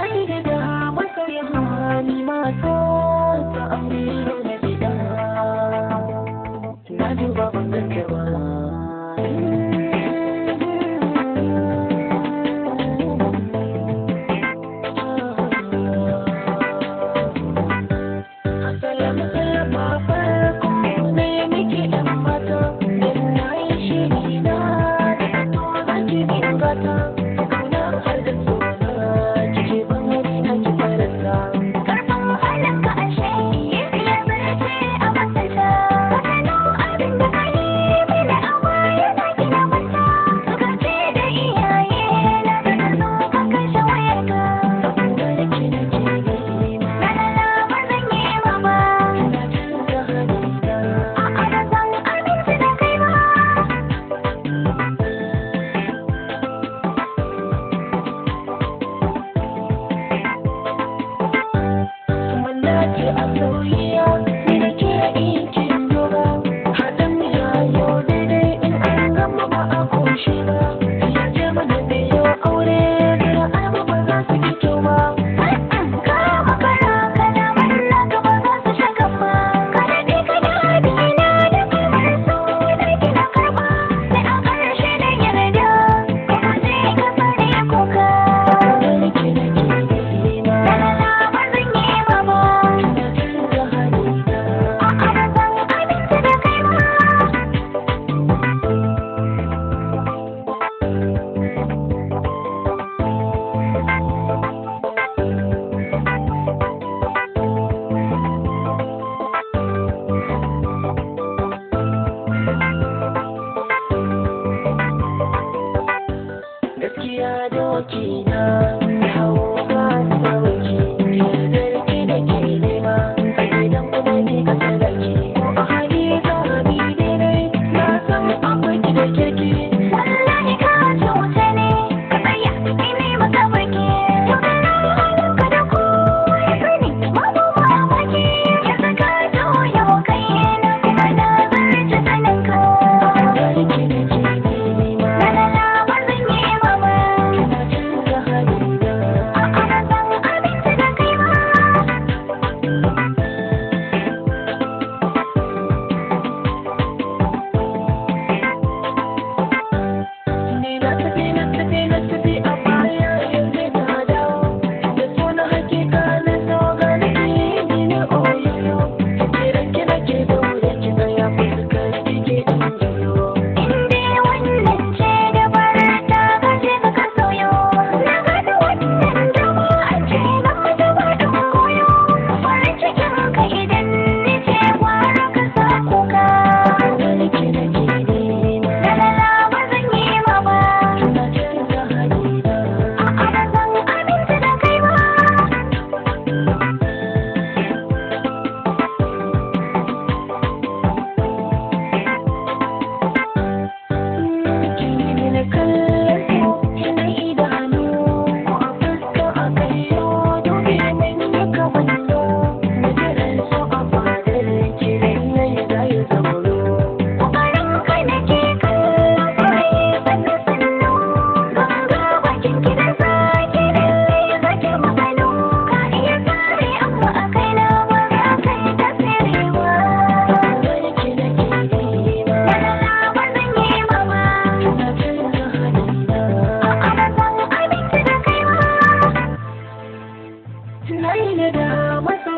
light it up. I know you. gaskiya doki na hawa Thank you.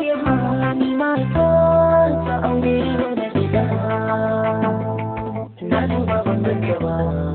ya bani mata ta aure mana gida na duba ban gaba